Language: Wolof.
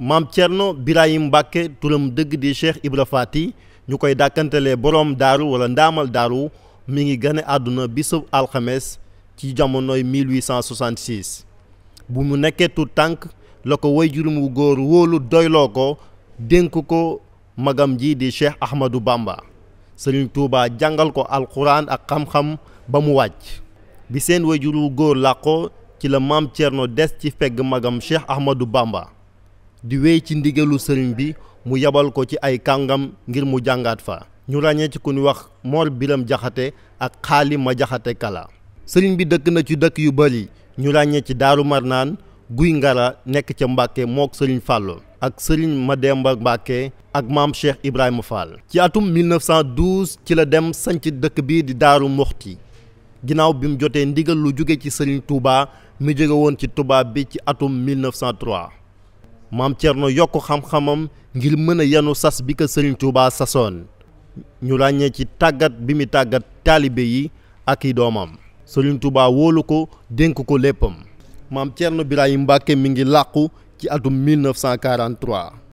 maam Thierno Birahim Mbacke turam dëgg di Cheikh Ibra Fati ñu koy dàkkantelee borom daaru wala ndaamal daaru mi ngi gane àdduna bisub alxames ci jamonoy 1866 bu mu nekkee tu tànk la ko wayjurum wu góor wóolu doyloo ko dénk ko magam ji di Cheikh Ahmadou Bamba Sëriñ Tuubaa jàngal ko alxuraan ak xam-xam ba mu wàcc bi seen wayjur wu góor làqoo ci la maam Thierno des ci feg magam Cheikh Ahmadou Bamba di wéy ci ndigalu sëriñ bi mu yebal ko ci ay kàngam ngir mu jàngaat fa ñu ràññee ci ku ñu wax Mor Biram Jaxate ak Xaali Ma Jaxate Kala sëriñ bi dëkk na ci dëkk yu bëri ñu ràññee ci Daaru Marnaan Guy Ngara nekk ca Mbàkke mook sëriñ Fàllu ak sëriñ demba Mbàkke ak maam Cheikh Ibrahima Fall ci atum 1912 ci la dem sanc dëkk bi di Daaru Muxti ginnaaw bi mu jotee ndigal lu jóge ci sëriñ Touba mu jóge woon ci Touba bi ci atum 1903 maam Thierno yokk xam-xamam ngir mën a yanu sas bi ko Serigne Touba sasoon ñu ràññee ci tàggat bi mu tàggat taalibe yi ak i doomam Serigne Touba woolu ko dénk ko léppam maam na Thierno Birahim Mbacke mi ngi làqu ci atum 1943.